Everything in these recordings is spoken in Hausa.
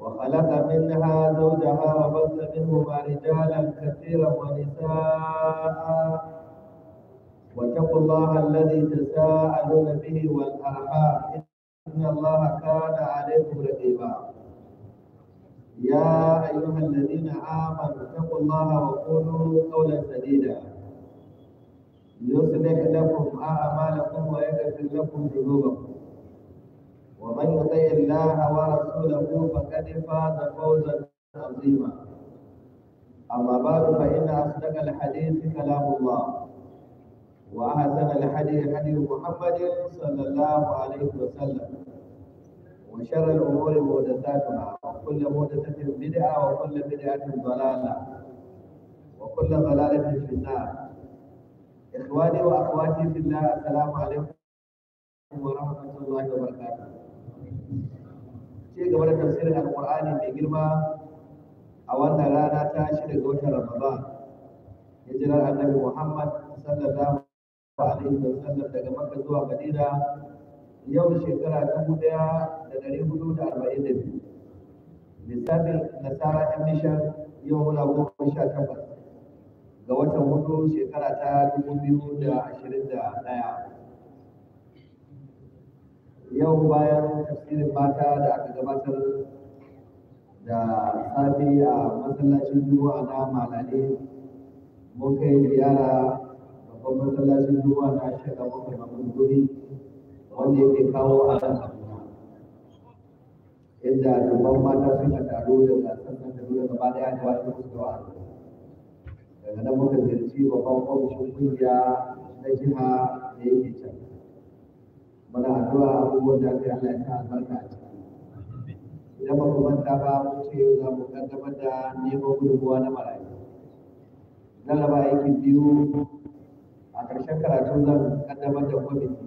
وخلق منها زوجها وبث منهما رجالا كثيرا ونساء واتقوا الله الذي تساءلون به والارحام ان الله كان عليكم رقيبا يا ايها الذين امنوا اتقوا الله وقولوا قولا سديدا يصلح لكم اعمالكم ويغفر لكم ذنوبكم ومن يطع الله ورسوله فقد فاز فوزا عظيما اما بعد فان اصدق الحديث كلام الله واحسن الحديث حديث محمد صلى الله عليه وسلم وشر الامور محدثاتها وكل محدثه بدعه وكل بدعه ضلاله وكل ضلاله في النار اخواني واخواتي في الله السلام عليكم ورحمه الله وبركاته ce gaba da tafsirin alƙur'ani mai girma a wannan rana ta shirya ga watan ramadan hijirar annabi muhammad sallallahu alaihi wa sallam daga makka zuwa madina yau shekara dubu ɗaya da ɗari hudu da arba'in da biyu lissafin nasara ta mishan yau muna goma sha takwas ga watan hudu shekara ta dubu biyu da ashirin da ɗaya yau bayan tafsirin mata da aka gabatar da safi a masallacin juma'a na malade mun kai ziyara babban masallacin juma'a na shaka bakwai mamun guri wanda yake kawo a nan abuwa inda dubban mata suka taro da sassan da nuna gaba daya da wasu a da daga nan muka ziyarci babban kwamishin kungiya na jiha da yake can muna addu'a abubuwan da aka Allah ya sa albarka ce ciki idan ba ku manta ba mun ce yau za mu kaddamar da neman gudunmuwa na marayu galaba aikin biyu a ƙarshen karatu zan kaddamar da kwamiti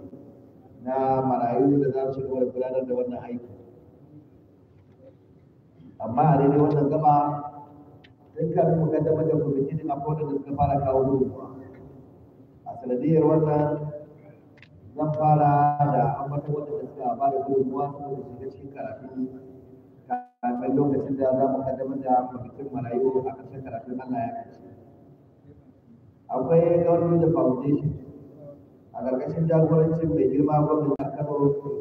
na marayu da za su gudanar da wannan aiki amma a daidai wannan gaba sun kafin mu kaddamar da kwamiti din akwai da suka fara kawo gudunmuwa a sanadiyar wannan zan fara da an wata da suka ba da gudunmuwa saboda shiga cikin karatun kafin lokacin da za mu kaddamar da kwamitin marayu a karatu na Allah ya kace. Akwai da Foundation a ƙarƙashin jagorancin mai girma gwamnati a Kano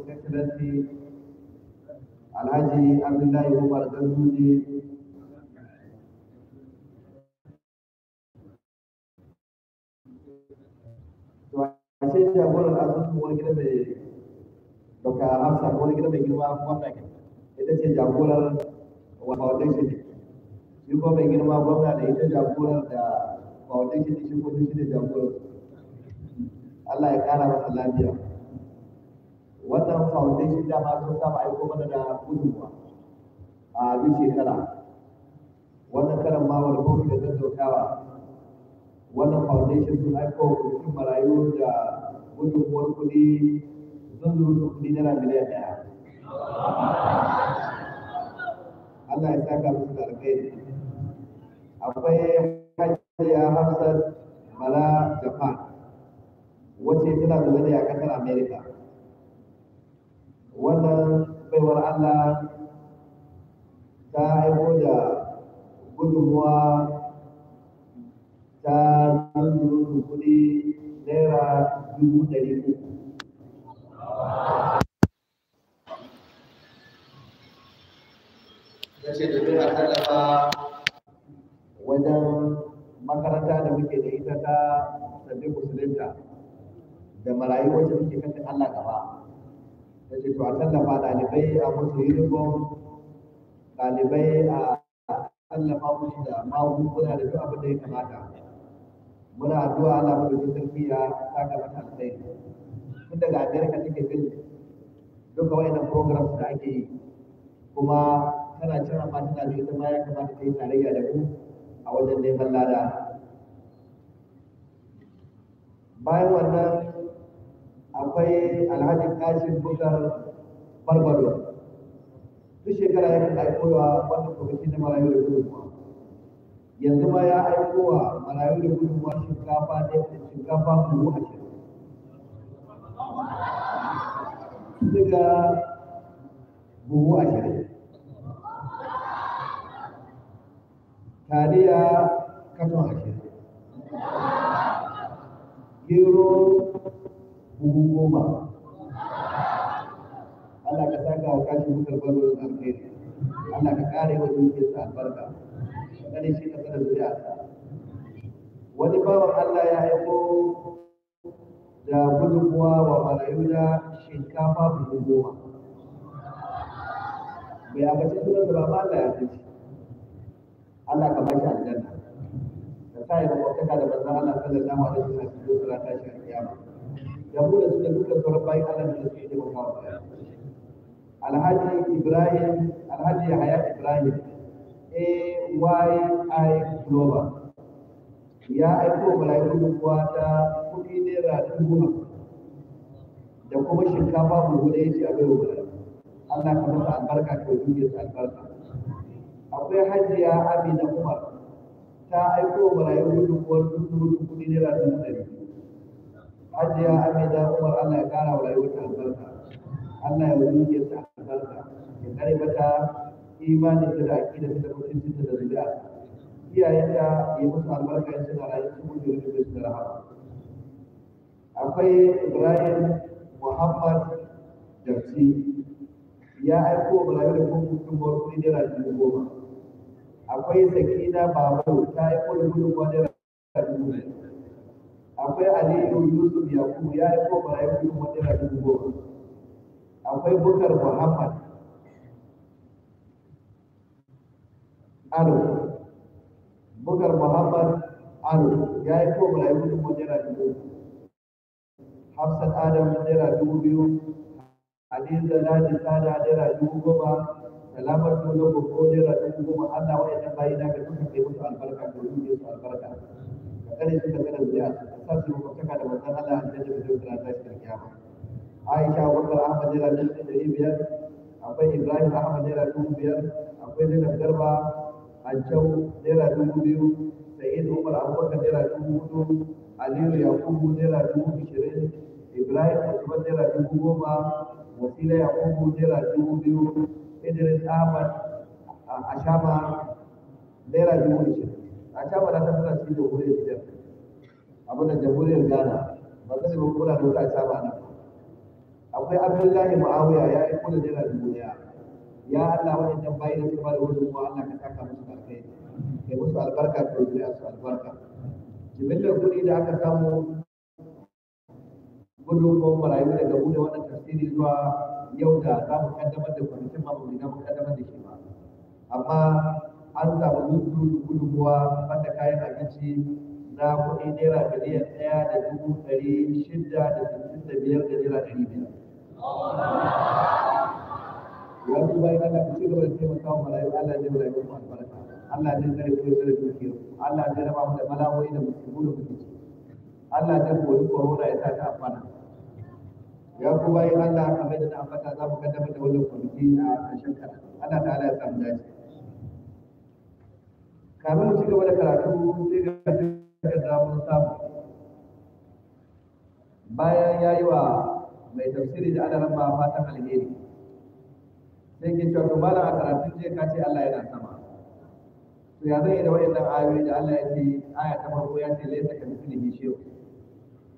Excellency Alhaji Abdullahi Umar Ganduje wace jagorar asusun wani gidan mai ko wani gidan mai girma ita ce jagorar shi ko mai girma da ita jagorar da shi ko shi ne jagorar Allah ya kara masa lafiya wannan foundation da ma sun saba aiko mana da gudunmuwa a duk shekara wannan karan ma wani kofi da zan wannan foundation sun aiko kuɗin marayu da gudunmuwar kuɗi sun zuru kudi naira miliyan ɗaya Allah ya saka musu da alkhairi akwai hajiya hafsat bala japan wacce tana zaune ne a ƙasar Amerika. wannan baiwar allah ta aiko da gudunmuwa ta zunzuru naira dubu ɗari uku. tallafa wajen makaranta da muke da ita ta sabbin musulunta da marayu wacce muke Allah gaba. to a tallafa ɗalibai a musu uniform ɗalibai a tallafa musu da magunguna da duk abin da ya kamata. muna addu'a Allah mu yi sarki ya saka mata alkhairi tun daga America take bin duka wayannan programs da ake yi kuma tana cin amfani da ita ma ya kamata ta yi tarayya da mu a wajen neman lada bayan wannan akwai alhaji kashin bukar barbaro duk shekara ya kan aikowa wannan kwamiti na marayu da kuma yanzu ma ya aiko wa marayu da gudun wa shinkafa da shinkafa buhu ashirin suga buhu ashirin taliya katon shi gero buhu goma Allah ka saka wa kashi mutar balo da alheri Allah ka kare wa dukiyarsa albarka dangane shi da wani bawan Allah ya aiko da gudunmuwa wa marayu da shinkafa buhu goma bai abace sunan da ba Allah ya fi Allah ka bashi aljanna da sa yi makwabtaka da manzon Allah sallallahu alaihi suna cikin zo ta shi a kiyama yahu da suka duka sauran bayan Allah da suke da makawa alhaji Ibrahim alhaji Yahaya Ibrahim AYI Global ya aiko malayu ruwa ta kuɗi naira dubu da kuma shinkafa buhu ya ce a bai wa Allah ka masa albarka ta wajen sa albarka akwai hajiya Amina Umar ta aiko malayu ruwa dubu kuɗi naira dubu ɗari hajiya Amina Umar Allah ya ƙara wa ta albarka Allah ya wajen sa albarka ya kare mata imanin ta da aƙida ta da mutuncin ta da zuriya iyayen ta yi musu albarka yin suna rayu su mutu da su da rahama akwai ibrahim muhammad jamsi ya aiko ibrahim da kuma gudunmuwar kuɗi naira dubu goma akwai sakina babu ta yi aiko da kuma naira dubu goma akwai aliyu yusuf yakubu ya aiko ibrahim da kuma naira dubu goma akwai bukar muhammad aro bugar muhammad aro ya yi ko mala'iku dubu naira dubu hafsat adam naira dubu biyu hadiza ladi sada naira dubu goma kalamar dole ko ko naira dubu goma allah wa yana bayi na ka suka kai musu albarka ko yi musu albarka ka kare su daga zuciya ka sa su mutaka da wannan allah a cikin da zuciya ta shi kiyama aisha wakar ahmad naira dubu ɗari biyar akwai ibrahim ahmad naira dubu biyar akwai zainab garba Ancau naira dubu biyu, Sayyid Umar Abubakar naira dubu hudu, Aliyu Yakubu naira dubu ishirin, Ibrahim Usman naira dubu goma, Wasila Yakubu naira dubu biyu, Idris Ahmad Ashama naira dubu ishirin. Ashama na tattara cikin jamhuriyar Nijar, abin da jamhuriyar Ghana, ba zai ba kuna nuna Ashama nan. Akwai Abdullahi Mu'awiya ya yi kula naira dubu ɗaya. ya Allah waɗannan tambayi da kuma ba wurin gudunmuwa Allah ka taka musu alkhairi kai musu albarka ka yi su albarka jimillar kuɗi da aka samu gudunmuwan marayu daga buɗe wannan tafsiri zuwa yau da za mu kaddamar da kwamitin ma ba mu mu kaddamar da shi ba amma an samu dubu gudunmuwa banda kayan abinci na kuɗi naira miliyan ɗaya da dubu ɗari shida da sittin da biyar da naira ɗari biyar. Yanzu bai bayan Allah ku ci gaba da taimaka wa marayu Allah zai rayu mu albarka Allah zai zare ku zare dukiyar Allah zai raba mu da bala'o'i da musibu da kuke ci Allah zai koyi corona ya sa ta amfana ya ku bayan Allah kamar da na ambata za mu kaddamar da wannan kwamiti a ƙarshen karatu Allah ta'ala ya samu dace kamin mu ci gaba da karatu sai ga takarda mun samu bayan ya yi wa mai tafsiri da adaran ba fatan alheri sai ke cewa to malam a karatun jiya ka ce Allah yana sama to ya zai da wayannan ayoyi da Allah ya ce aya ta farko ya ce laysa ka mithlihi shay'un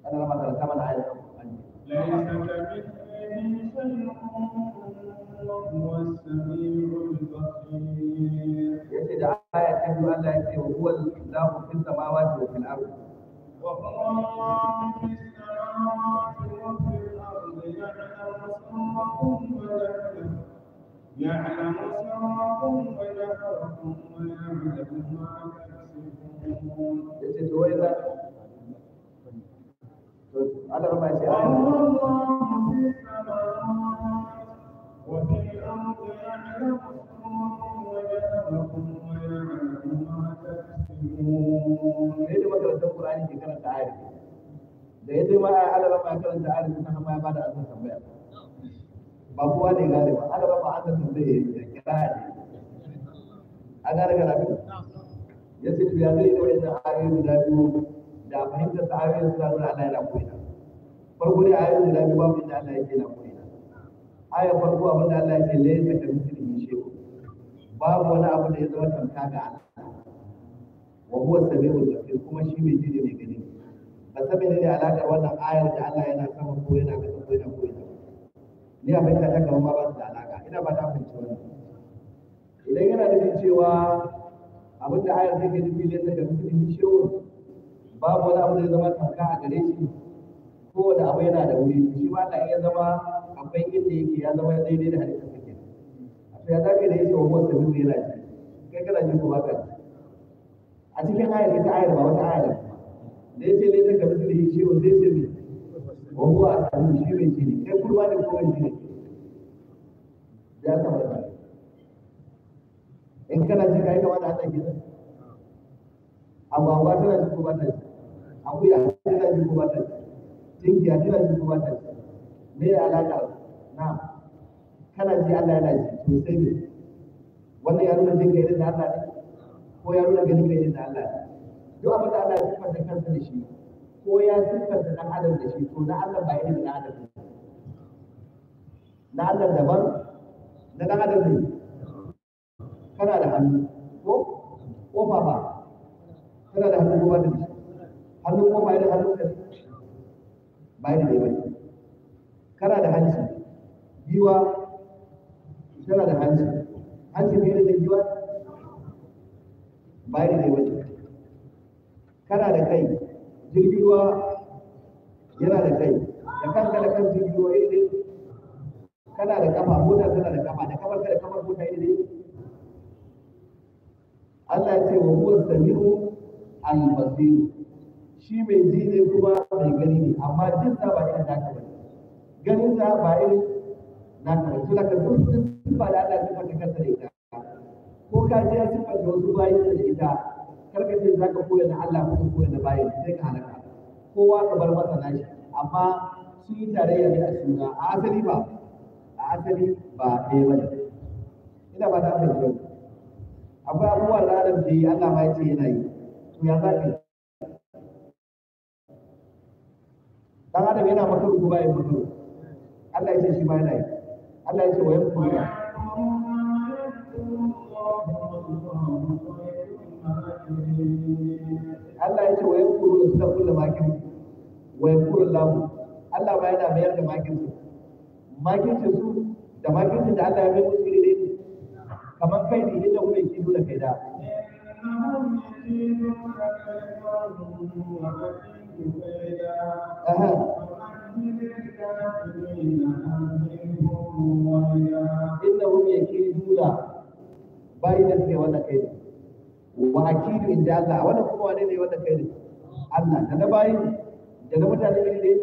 ana ma da laysa ka mithlihi da aya ta biyu Allah ya ce huwa samawati wa fil ardi wa huwa samawati wa fil ardi يعلم سركم وجهركم ويعلم ما تكسبون على ربع الله في السماوات وفي الأرض يعلم سركم وجهركم ويعلم ما تكسبون. ليه ما كانت القرآن في كلام تعارف؟ ليه ما على ربع كلام تعارف إنها ما بعد أن تسمع. ba kowa ne gane ba ana ba ma'ana sun zai yi da kira ne a gane karatu ya ce to ya zai da wani ayoyi guda biyu da fahimtar ta ayoyin suna nuna Allah yana koyina farko ne ayoyin guda biyu babu inda Allah yake na koyina ayar farko abin da Allah yake laifin da mutum yi shehu babu wani abu da ya zama tamka ga Allah wa huwa samiul basir kuma shi mai ji ne mai gani ba saboda ne alakar wannan ayar da Allah yana sama ko yana kasa ko yana na? ni a fahimta ta gaba ma ba su da alaƙa ina ba ta fahimci wannan idan yana da cewa abin da ayar take nufi ne daga musulunci babu wani abu da ya zama tamka a gare shi kowane abu yana da wuri shi ma da ya zama akwai inda yake ya zama daidai da halittar kake a to ya zaka da yake wa wanda mutum yana ji kai kana ji ko baka a cikin ayar ita ba wata ayar da ya ce ne daga musulunci shehu zai ce ne wa huwa alu shi ne shi kai kurbanin ko wani shi ya kamata in kana ji kai kamata a tsaki agwagwa tana ji ko ba ta ji akuya tana ji ko ba ta ji tinkiya tana ji me ya alaka na kana ji Allah yana ji to ne ya nuna jin kai da Allah ne ko ya nuna ganin kai da Allah ne duk abin da Allah ya sifanta kansa da shi ko ya da na adam da shi ko na Allah ba irin na adam ne na Allah daban na dan adam ne kana da hannu ko kofa ba kana da hannu kofa da shi hannu kofa irin hannu da shi ba irin ne bane kana da hanci giwa tana da hanci hanci ne da giwa ba irin ne bane kana da kai jirgin ruwa yana da kai da kanka da kan jirgin ruwa ne eh, eh. kana da kafa mota tana da kafa da kafar da kafar mota iri eh, Allah ya ce wa huwa samiu al-basir shi mai ji ne kuma mai gani ne amma jin sa ba irin naka ba ganin sa ba irin naka ba to daga duk sun ba da Allah ya ce sun fata kansa da ita ko ka ji ya sun fata wasu bayan da ita Karkashin za ka koya na Allah ko koya na bayan sai ka halaka kowa ka bar masa nashi amma sun yi tarayya ne a suna a asali ba a asali ba ɗaya ba ne ina ba yi fahimta akwai abubuwa da adam da yi Allah ma ya ce yana yi to ya za ka yi dan adam yana maka rubu bayan mutu Allah ya ce shi ma yana yi Allah ya ce wa yankuna Allah ya ce wa yankuru da suka kulle makin wa yankuru Allah ba yana mayar da makin su makin su da makin su da Allah ya mai musu iri ne kamar kai ne yadda kuma yake nuna kai da Aha. إنهم wa wakilin da inda Allah wannan kuma wane ne wanda kai ne Allah da na bayi da na mutane ne ne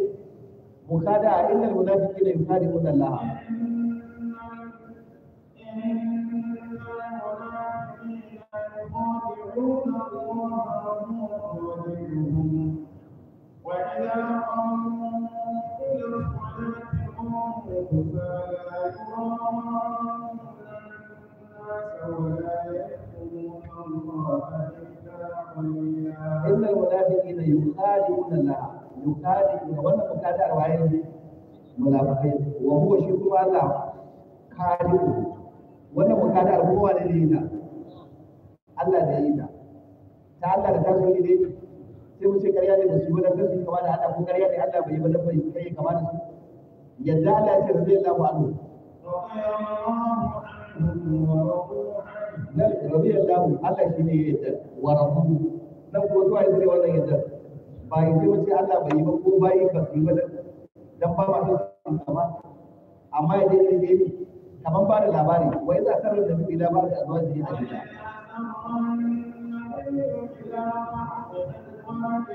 mukada innal munafiqina yukhadi'una Allah Thank you. إن المنافقين يخادعون ne? يخادعون وأنا مخادع وعين منافقين وهو شكر الله خادع وأنا مخادع هو لدينا Allah da yi ta ta Allah da ta zo ne sai mu ce karya ne ba su yi kasu kama da Allah ko karya ne Allah bai yi wannan bai kai kama da su yadda Allah ce rabbi Allah wa anhu rabbi Allah Allah shi ne yadda wa rabbuhu na ko zuwa yanzu wannan yadda ba yi sai wace Allah bai yi ba ko ba yi ba dan ba ma sun kama amma ya dai dai kaman ba da labari wa idza sarra da bi labari a zuwa ji a gida فلما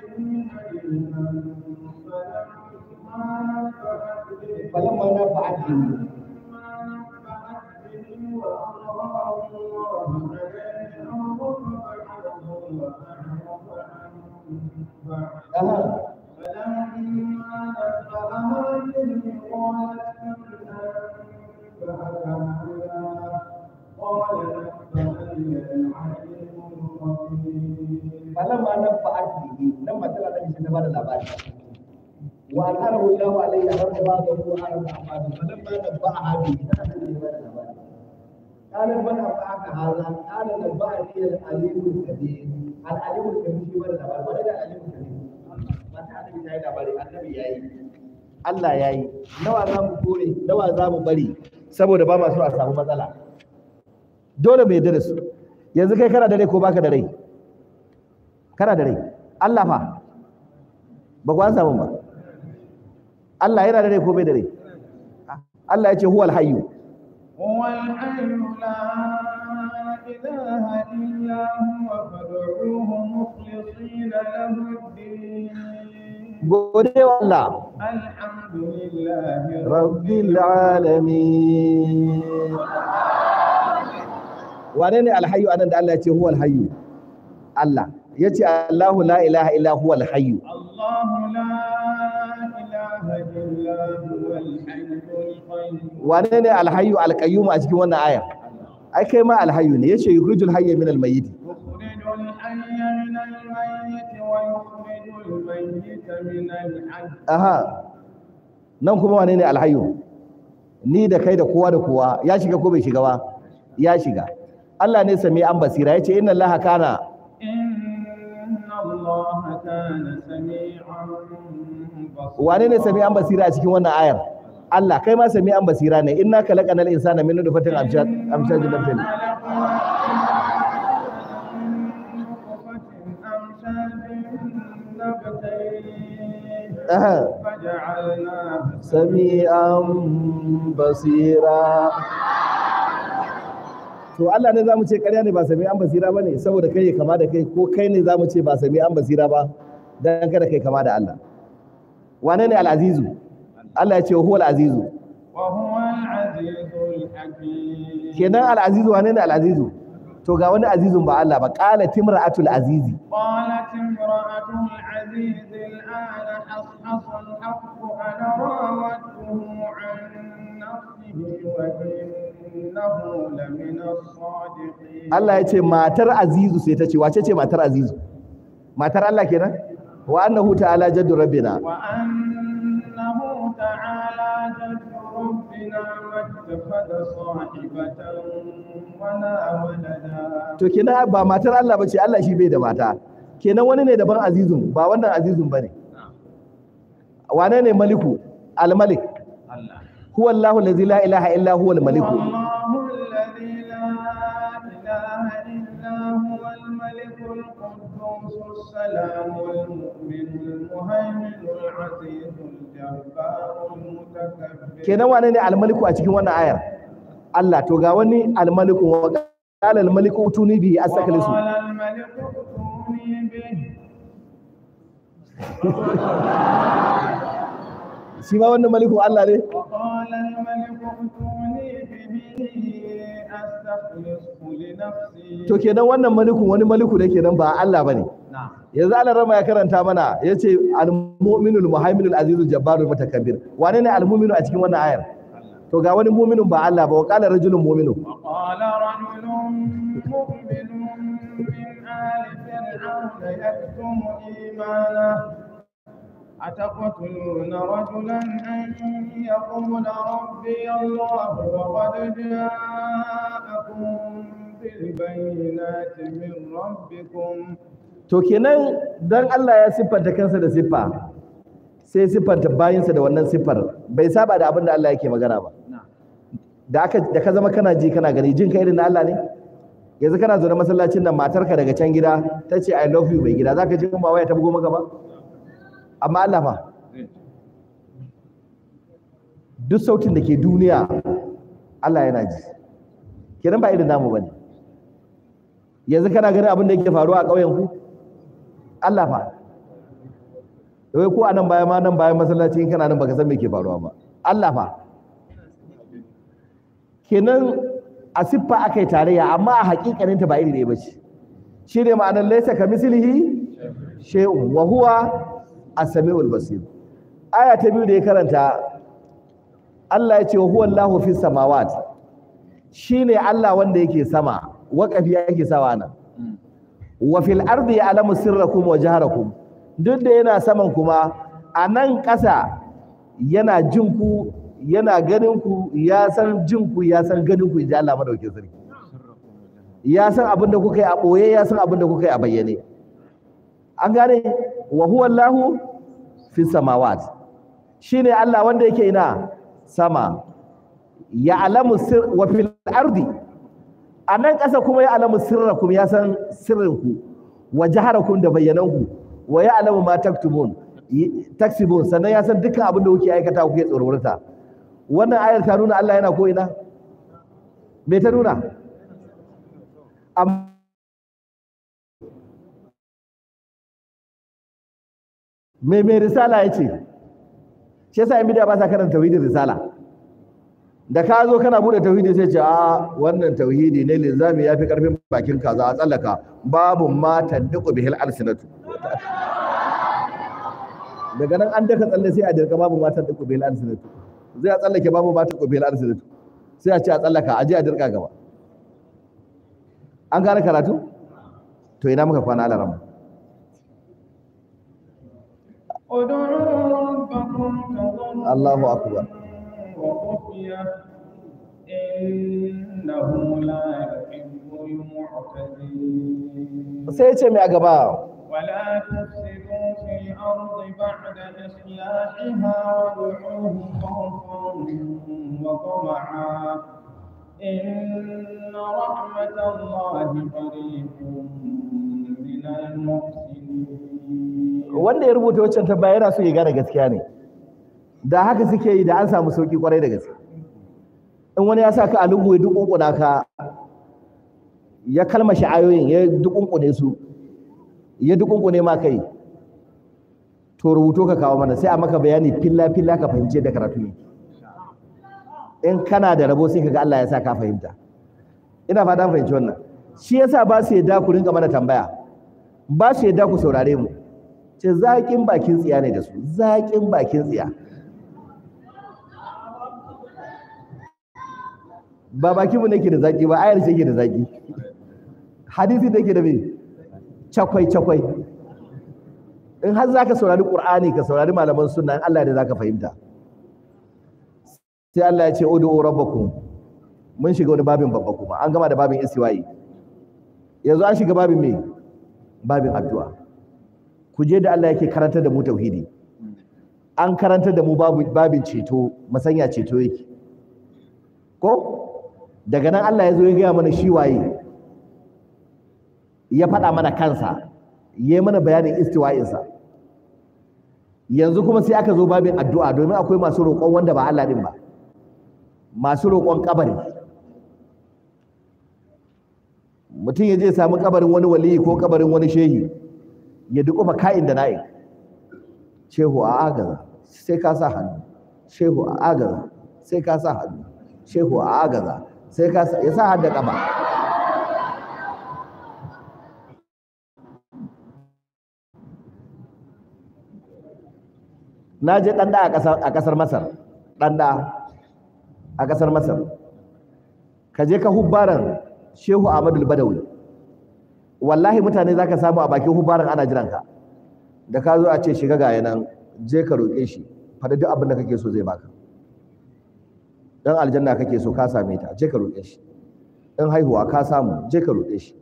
به فلما نبأها به قالت من أنبأك هذا قال نبأني العليم الخبير فلما نبأت به لما طلعت من سنة بعد الأبد وأنكره الله عليه رد بعضه على الأعمال فلما نبأها به قال من أبعك هذا قال نبأني العليم الكبير العليم الكبير ولا العليم الكبير annabi ya yi annabi ya yi Allah ya yi nawa za mu kore nawa za mu bari saboda ba ma so a samu matsala dole mai yarda da su yanzu kai kana da rai ko baka da rai kana da rai Allah fa ba ku an samu ba Allah yana da rai ko bai da rai Allah ya ce huwal hayyu huwal hayyu la ilaha illa huwa fad'uhu mukhlisina lahu ad-din gode Allah wane ne alhayyu anan da Allah ce huwa alhayyu Allah ya Allahu la ilaha illa huwa alhayyu Allahu wane ne alhayyu alqayyum a cikin wannan aya ai kai ma alhayyu ne yace الحي من الميت ويخرج الميت من الحي أها nan kuma wane ne alhayu ni da kai da kowa da kowa ya shiga ko bai shiga ba ya shiga Allah ne sami an basira ya ce inna Allah kana wane ne sami an basira a cikin wannan ayar Allah kai ma sami an basira ne inna kalaqanal insana min nutfatin amshaj amshaj lamtin Sami'an basira. to Allah ne za mu ce ƙarya ne ba sami an basira ba ne saboda kai kama da kai ko kai ne za mu ce ba sami an basira ba dan kada kai kama da Allah wane ne al'azizu? Allah ya ce huwa al'azizu kenan al'azizu, wane ne al to ga wani azizun ba Allah ba qala timra'atul azizi qalat imra'atul aziz al'ana ashhasu al-haqqu ana rawatuhu an nafsihi wa innahu lamina as-sadiqin Allah yace matar azizu sai ta ce wace ce matar azizu matar Allah kenan wa annahu ta'ala jaddu rabbina wa annahu ta'ala jaddu to kenan ba matar Allah bace Allah shi bai da mata kenan wani ne daban azizun ba wannan azizun bane wane ne maliku al-malik Allah huwa Allahu allazi la ilaha illa huwa al-maliku Allahu la ilaha illa huwa al al al al kenan wane ne almaliku a cikin wannan ayar Allah to ga wani almaliku wa qala almaliku tuni bi asaklisu shi ma wannan maliku Allah ne qala almaliku utuni bi to kenan wannan malikun wani maliku da kenan ba Allah bane yanzu Allah rama ya karanta mana yace al-mu'minul muhaiminul azizul jabbarul mutakabbir wane ne al-mu'minu a cikin wannan ayar to ga wani mu'minun ba Allah ba wa qala rajulun mu'minu qala rajulun mu'minun min ali fir'auna yaktumu imanahu أتقتلون رجلا أن يقول ربي الله وقد جاءكم بالبينات من ربكم to kenan dan Allah ya siffanta kansa da siffa sai siffanta bayinsa da wannan siffar bai saba da abin da Allah yake magana ba da aka da ka zama kana ji kana gani jin ka irin na Allah ne yanzu kana zo da masallacin nan matarka daga can gida ta ce i love you mai gida zaka ji kuma waya ta bugo maka ba amma Allah ba duk sautin da ke duniya Allah yana ji kenan ba irin namu bane yanzu kana ganin abin da yake faruwa a ƙauyen ku Allah fa wai ko a nan baya ma nan bayan masallaci kana nan baka san me ke faruwa ba Allah fa kenan a siffa aka yi tarayya amma a haƙiƙanin ta ba iri ne ba ce shi ne ma'anar laisa ka mislihi shay'un wa huwa A samiul basir aya ta biyu da ya karanta Allah ya ce wa huwa Allahu fis samawat shine Allah wanda yake sama waqafi yake sawa nan wa fil ardi ya'lamu sirrakum wa jaharakum duk da yana saman kuma a nan ƙasa yana jin ku yana ganin ku ya san jin ku ya san ganin ku inji Allah madaukakin sarki ya san abin da kuka yi a ɓoye ya san abin da kuka yi a bayyane an gane wa huwa Allahu fi samawat shine Allah wanda yake ina sama ya alamu sir wa fil ardi a nan ƙasa kuma ya alamu sirrakum ya san sirrinku wa jaharakum da bayyananku wa ya alamu ma taktumun taksibun sannan ya san dukkan abin da kuke aikata kuke tsorurta wannan ayar ta nuna Allah yana ko ina me ta nuna amma Mai mai risala ya ce shi yasa yan bidiya ba sa karanta tauhidin risala da ka zo kana bude tauhidi sai ce a ah, wannan tauhidi ne linzami ya fi karfin bakin kaza a tsallaka babu ma tandiku bihil alsinatu daga nan an daka tsalle sai a dirka babu ma tandiku bihil alsinatu zai a tsallake babu ma tandiku bihil alsinatu sai a ce a tsallaka a je a dirka gaba an gane karatu to ina muka kwana alaran ادعوا ربكم تضرعا الله أكبر وخفية إنه لا يحب المعتدين سيتم يا جماعة ولا تفسدوا في الأرض بعد إصلاحها وادعوه خوفا وطمعا إن رحمة الله قريب من المحسنين wanda ya rubuta waccan tambaya yana so ya gane gaskiya ne da haka suke yi da an samu sauki kwarai da gaske in wani ya sa ka a lungu ya dukunkuna ka ya kalma ayoyin ya dukunkune su ya dukunkune ma kai to rubuto ka kawo mana sai a maka bayani filla filla ka fahimce da karatu ne in kana da rabo sai kaga Allah ya sa ka fahimta ina fata fahimci wannan shi yasa ba su yadda ku rinka mana tambaya ba su yadda ku saurare mu ce zaƙin bakin tsiya ne da su zaƙin bakin tsiya ba bakin mu nake da zaƙi ba ayar ce ke da zaƙi hadisi ke da me cakwai cakwai in har zaka saurari qur'ani ka saurari malaman sunna in Allah za zaka fahimta sai Allah ya ce ud'u rabbakum mun shiga wani babin babba kuma an gama da babin istiwa'i yanzu an shiga babin me babin addu'a ku je da Allah yake karanta da mu tauhidi an karanta da mu babin ceto masanya ceto yake ko daga nan Allah ya zo ya gaya mana shi waye ya faɗa mana kansa ya mana bayanin istiwa'insa yanzu kuma sai aka zo babin addu'a domin akwai masu roƙon wanda ba Allah ɗin ba masu roƙon kabari mutum ya je samu kabarin wani waliyi ko kabarin wani shehi ya duƙufa ka'in da na'in shehu a agaza sai ka sa hannu shehu a agaza sai ka sa hannu shehu a agaza sai ka sa ya sa hannu da kama. na je ɗanɗa a ƙasar masar ɗanɗa a ƙasar masar ka je ka hubbaran shehu ahmadul badawi wallahi mutane za ka samu a bakin hubaran ana jiran ka da ka zo a ce shiga ga yanan, je ka roƙe shi faɗi duk abin da kake so zai baka dan aljanna kake so ka same ta je ka roƙe shi dan haihuwa ka samu je ka roƙe shi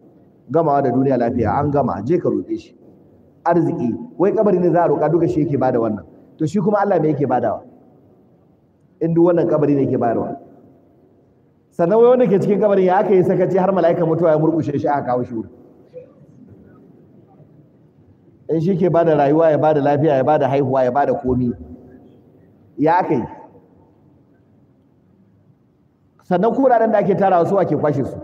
gamawa da duniya lafiya an gama je ka roƙe shi arziki wai kabari ne za a roƙa duka shi yake bada wannan to shi kuma Allah me yake badawa in duk wannan kabari ne yake bayarwa sannan wai wanda ke cikin kabarin ya aka yi sakaci har mala'ika mutuwa ya murkushe shi aka kawo shi wurin in shi ke bada rayuwa ya bada lafiya ya bada haihuwa ya bada komi ya aka yi sannan kuraren da ake tara su ake kwashe su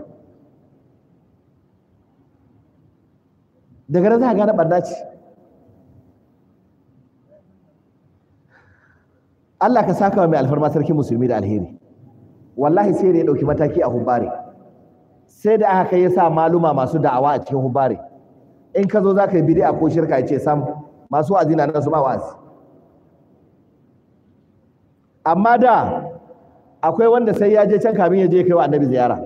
daga nan za a gane ɓarna ce Allah ka saka wa mai alfarma sarki musulmi da alheri wallahi sai da ya ɗauki mataki a hubare sai da aka kai ya sa maluma masu da'awa a cikin hubare in ka zo za ka yi bid'a ko shirka ya ce sam masu wa'azi na nan su ba wa'azi amma da akwai wanda sai ya je can kamin ya je kai wa annabi ziyara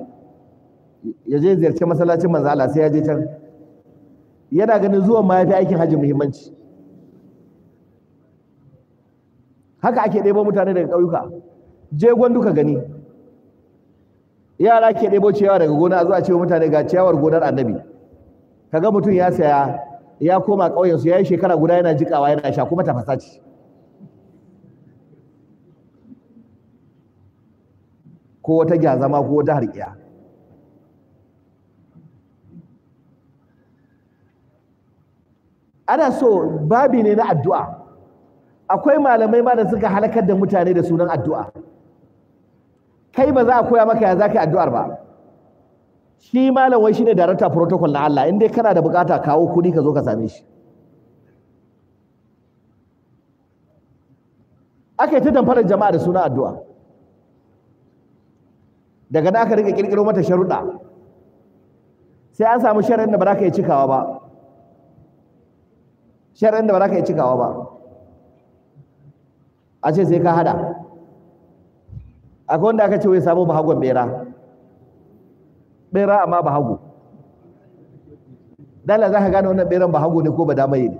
ya je ziyarci masallacin manzo Allah sai ya je can yana ganin zuwan ma ya fi aikin hajji muhimmanci haka ake ɗebo mutane daga ƙauyuka je gwandu ka gani yara ke ɗebo ciyawa daga gona zuwa ce mutane ga ciyawar gonar annabi kaga mutum ya saya ya koma ƙauyensu ya yi shekara guda yana jikawa yana sha kuma tafasa ce ko wata gyazama ko wata harƙiya ana so babi ne na addu'a akwai malamai ma da suka halakar da mutane da sunan addu'a kai ba za a koya maka ya za ka yi addu'ar ba shi malam wai shine director protocol na Allah in dai kana da bukata kawo kudi ka zo ka same shi aka ta damfarar jama'a da suna addu'a daga da aka rika kirkiro mata sharuɗa sai an samu shari'in da ba za ka yi cikawa ba da ba za ka yi cikawa ba a ce sai ka hada akwai wanda aka ce wai samu bahagon bera bera amma bahago dala za ka gane wannan beran bahago ne ko ba damaye ne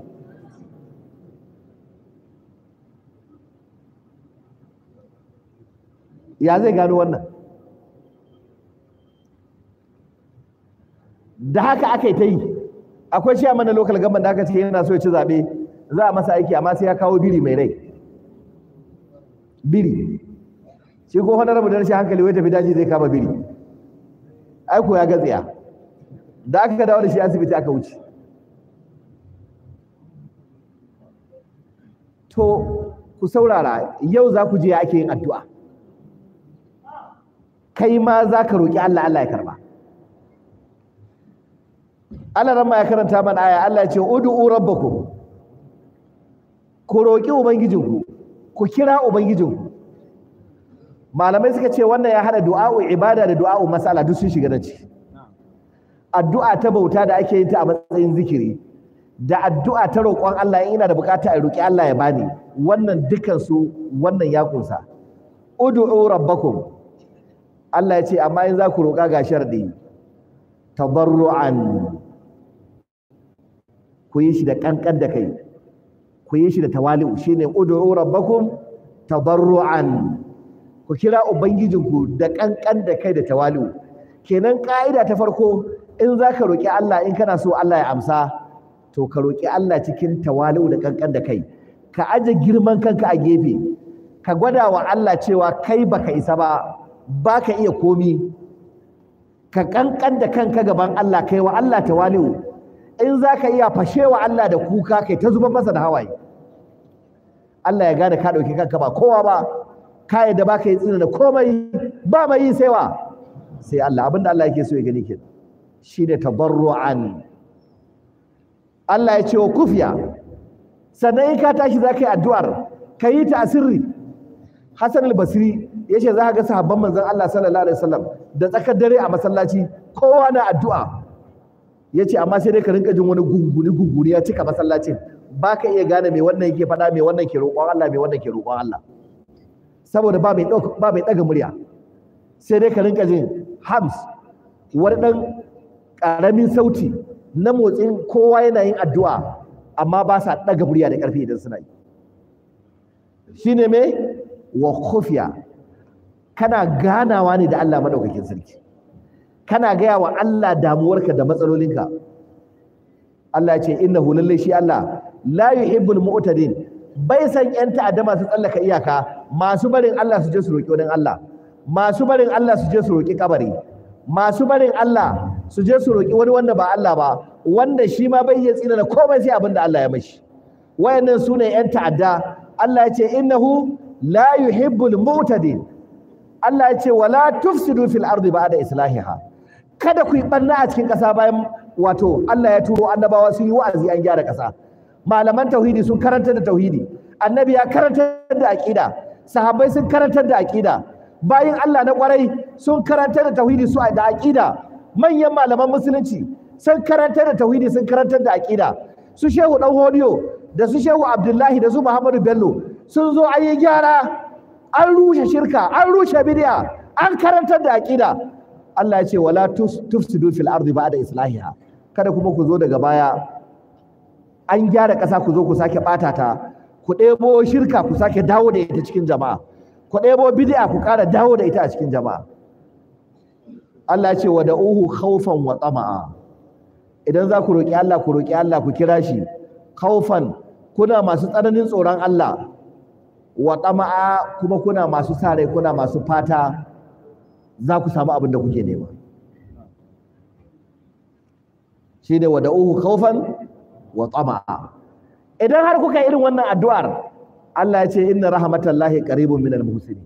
ya zai gano wannan da haka aka yi ta yi akwai shi a mana lokal gaban da aka ce yana so ya ci zaɓe za a masa aiki amma sai ya kawo biri mai rai biri shi ko wani rabu da rashin hankali wai tafi daji zai kama biri ai ko ya gatsaya da aka dawo da shi asibiti aka wuce to ku saurara yau za ku je ya ake yin addu'a kai ma za ka roƙi Allah Allah ya karba Allah ramma ya karanta mana aya Allah ya ce ud'u rabbakum ku roƙi ubangijinku ku kira ubangijinku malamai suka ce wannan ya hada du'a'u ibada da du'a'u masala duk sun shiga da ciki addu'a ta bauta da ake yi ta a matsayin zikiri da addu'a ta roƙon Allah in ina da bukata a roƙi Allah ya bani wannan dukan su wannan ya kunsa ud'u rabbakum Allah ya ce amma in za ku roƙa ga sharɗi tabarru'an ku yi shi da kankan da kai ku yi shi da tawali'u shine ud'u rabbakum tabarru'an ku kira ubangijinku da kankan da kai da tawali'u kenan ƙa'ida ta farko in za ka roƙi Allah in kana so Allah ya amsa to ka roƙi Allah cikin tawali'u da kankan da kai ka aje girman kanka a gefe ka gwada wa Allah cewa kai baka isa ba baka iya komi ka kankan da kanka gaban Allah kai wa Allah tawali'u in za ka iya fashe wa Allah da kuka kai ta zuba masa da hawaye Allah ya gane ka ɗauki kanka ba kowa ba ka da baka yi tsina da komai ba mai yi saiwa sai Allah abinda Allah yake so ya gani ke shi ne tabarru'an Allah ya ce wa kufiya sannan in ka tashi za ka yi addu'ar ka yi ta asirri Hassan al-Basri ya ce za ka ga sahabban manzon Allah sallallahu alaihi wasallam da tsakar dare a masallaci kowa na addu'a ya ce amma sai dai ka rinka jin wani gunguni gunguni ya cika masallacin ba ka iya gane me wannan yake faɗa me wannan ke roƙon Allah me wannan ke roƙon Allah saboda ba mai ba murya sai dai ka rinka jin hams wani dan ƙaramin sauti na motsin kowa yana yin addu'a amma ba sa daga murya da karfi idan suna yi shine me wa Kofiya. kana ganawa ne da Allah maɗaukakin sarki kana gaya wa Allah damuwarka da matsalolinka Allah ya ce innahu lallai shi Allah la yuhibbul mu'tadin bai san yan ta'adda masu tsallaka iyaka masu barin Allah su je su roƙi wurin Allah masu barin Allah su je su roƙi kabari masu barin Allah su je su roƙi wani wanda ba Allah ba wanda shi ma bai iya tsina da komai sai abin da Allah ya mashi wayannan su ne yan ta'adda Allah ya ce innahu la yuhibbul mu'tadin Allah ya ce wala tufsidu fil ardi ba'da islahiha kada ku yi banna a cikin ƙasa bayan wato Allah ya turo annabawa su yi wa'azi an gyara ƙasa malaman tauhidi sun karanta da tauhidi annabi ya karanta da aqida sahabbai sun karanta da aqida bayin Allah na kwarai sun karanta da tauhidi su da aqida manyan malaman musulunci sun karanta da tauhidi sun karanta da aqida su shehu dan hodiyo da su shehu abdullahi da su muhammadu bello sun zo ayi gyara an rushe shirka an rushe bid'a an karanta da aqida Allah ya ce wala tufsidu fil ardi ba'da islahiha kada kuma ku zo daga baya an gyara ƙasa ku zo ku sake ɓata ta ku ɗebo shirka ku sake dawo da ita cikin jama'a ku ɗebo bid'a ku ƙara dawo da ita a cikin jama'a Allah ya ce wa da'uhu khawfan wa tama'a idan za ku roƙi Allah ku roƙi Allah ku kira shi khawfan kuna masu tsananin tsoron Allah wa tama'a kuma kuna masu sare, kuna masu fata za ku samu abin da kuke nema ne wa da'uhu khawfan wa tama'a idan har kuka irin wannan addu'ar Allah ya ce inna rahmatallahi qaribun minal muhsinin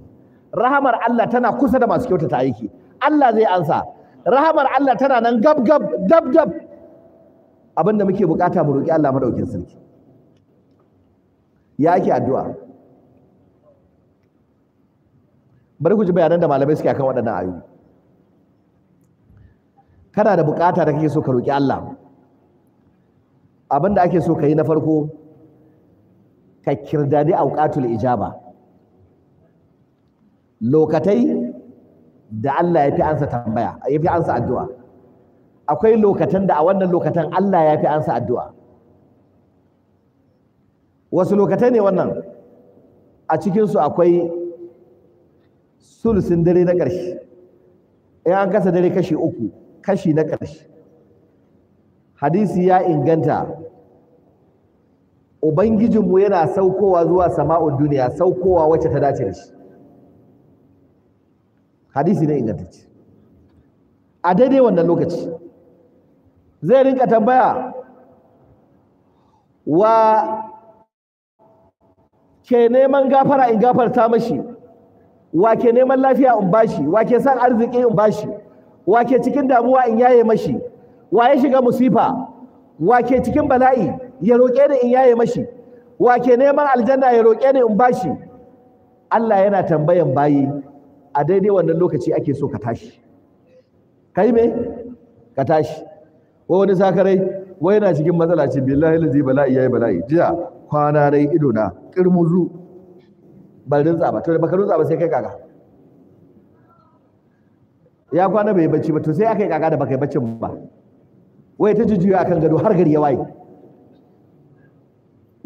rahamar Allah tana kusa da masu kyautata aiki Allah zai ansa rahamar Allah tana nan gab gab dab dab abinda muke bukata mu roki Allah madaukin sarki ya ake addu'a bari ku ji bayanan da malamai suke akan waɗannan ayoyi kana da bukata da kake so ka roki Allah abin da ake so ka yi na farko ka kirdadi auqatul ijaba lokatai da Allah ya fi ansa tambaya ya fi ansa addu'a akwai lokatan da a wannan lokatan Allah ya fi ansa addu'a wasu lokatai ne wannan a cikinsu akwai sulusin dare na ƙarshe in an kasa dare kashi uku kashi na ƙarshe hadisi ya inganta ubangijinmu yana saukowa zuwa sama'un duniya saukowa wacce ta dace da shi hadisi ne ingantacce a daidai wannan lokaci zai rinka tambaya wa ke neman gafara in gafarta mashi wa ke neman lafiya in bashi wa ke san arziki in bashi wa ke cikin damuwa in yaye mashi wa ya shiga musifa wa ke cikin bala'i ya roƙe ni in yaye mashi wa ke neman aljanna ya roƙe ni in bashi Allah yana tambayan bayi a daidai wannan lokaci ake so ka tashi kai me ka tashi ko wani sakarai wai yana cikin matsala ce billahi lazi bala'i yayi bala'i jiya kwana rai ido na kirmuzu barin tsaba ba to baka rutsa ba sai kai kaga ya kwana bai bacci ba to sai aka yi kaga da baka yi baccin ba wai ta jujjuya akan gado har gari ya waye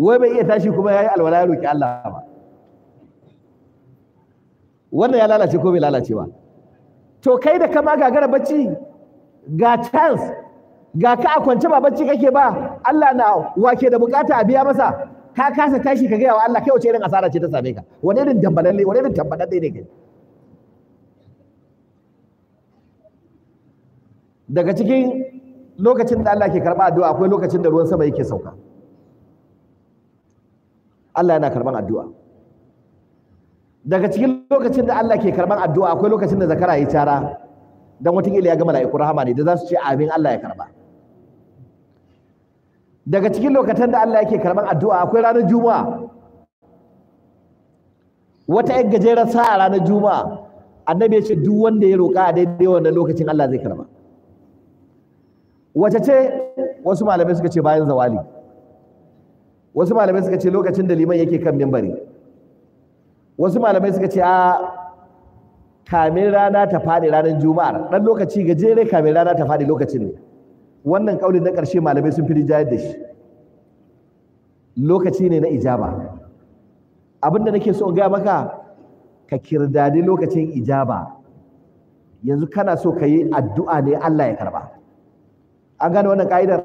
wai bai iya tashi kuma yayi alwala ya roki Allah ba wannan ya lalace ko bai lalace ba to kai da kama gagara bacci ga chance ga ka a kwance ba bacci kake ba Allah na wake da bukata a biya masa ka kasa tashi ka gaya wa Allah kai wace irin asara ce ta same ka wani irin ne wani irin dai ne kai daga cikin lokacin da Allah ke karɓa addu'a akwai lokacin da ruwan sama yake sauka Allah yana karɓan addu'a daga cikin lokacin da Allah ke karɓan addu'a akwai lokacin da zakara ya cara dan watakila ya ga mala'iku rahama ne da za su ce amin Allah ya karɓa daga cikin lokacin da Allah yake karɓan addu'a akwai ranar juma'a wata yan gajeren sa'a ranar juma'a annabi ya ce duk wanda ya roƙa a daidai wannan lokacin Allah zai karɓa wace ce wasu malamai suka ce bayan zawali wasu malamai suka ce lokacin da liman yake kan mimbari wasu malamai suka ce a kamin rana ta faɗi ranar juma'ar ɗan lokaci gajere kamin rana ta faɗi lokacin ne wannan ƙauli na ƙarshe malamai sun fi rijayar da shi lokaci ne na ijaba abinda nake so in gaya maka ka kirdadi lokacin ijaba yanzu kana so ka yi addu'a ne Allah ya karba an gane wannan ka'idar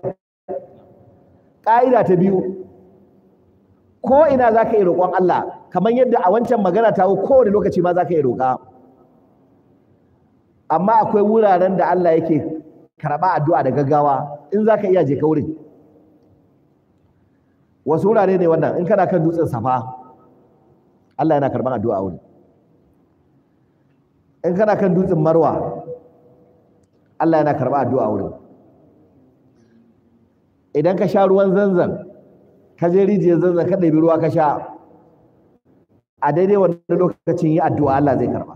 ka'ida ta biyu ko ina za ka yi roƙon Allah kamar yadda a wancan magana ta kowane lokaci ma za ka yi roƙa amma akwai wuraren da Allah yake karɓa addu'a da gaggawa in za ka iya je ka wurin wasu wurare ne wannan in kana kan dutsen safa Allah yana karɓan addu'a wurin in kana kan dutsen marwa Allah yana karɓa addu'a wurin idan ka sha ruwan zanzan ka je rijiyar zanzan ka ɗabi ruwa ka sha a daidai wannan lokacin yi addu'a Allah zai karba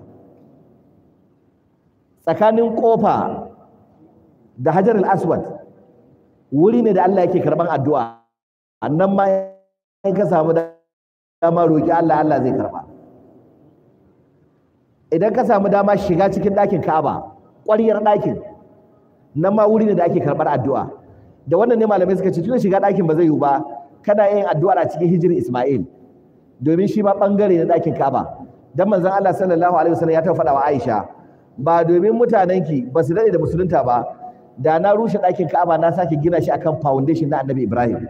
tsakanin kofa da hajar al-aswad wuri ne da Allah yake karɓar addu'a annan ma in ka samu dama roƙi Allah Allah zai karɓa. idan ka samu dama shiga cikin ɗakin Ka'aba ƙwariyar ɗakin nan ma wuri ne da ake karɓar addu'a da wannan ne malamai suka ce tun shiga ɗakin ba zai yiwu ba kana yin addu'ar a cikin hijirin Isma'il domin shi ma bangare na ɗakin Ka'aba dan manzon Allah sallallahu alaihi wasallam ya ta faɗa wa Aisha ba domin mutanenki ba su dade da musulunta ba da na rushe ɗakin Ka'aba na sake gina shi akan foundation na Annabi Ibrahim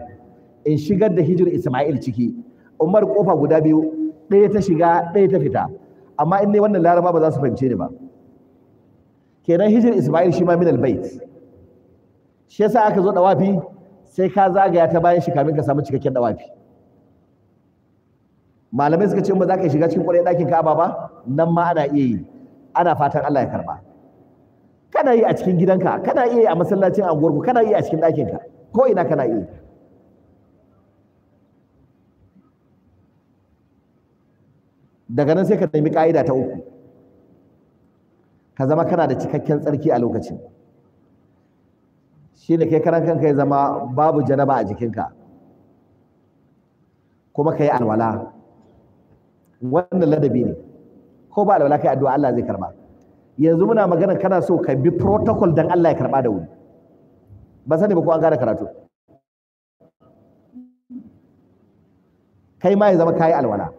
in shigar da hijirin Isma'il ciki Umar kofa guda biyu ɗaya ta shiga ɗaya ta fita amma in ne wannan laraba ba za su fahimce ni ba kenan hijirin Isma'il shi ma min al-bait shi yasa aka zo dawafi sai ka zagaya ta bayan shi kamin ka samu cikakken dawafi malamai suka ce ba za ka shiga cikin kwarai ɗakin ka'aba ba nan ma ana iya yi ana fatan Allah ya karba kana yi a cikin gidanka kana iya yi a masallacin anguwarku kana iya a cikin ɗakinka ko ina kana iya daga nan sai ka nemi ka'ida ta uku ka zama kana da cikakken tsarki a lokacin Shi ne kai karan kanka ya zama babu janaba a jikinka kuma ka yi alwala wannan ladabi ne ko ba alwala kai addu'a Allah zai karba yanzu muna magana kana so ka bi protocol dan Allah ya karba da wuri ba sani ba ko an gane karatu kai ma ya zama kai alwala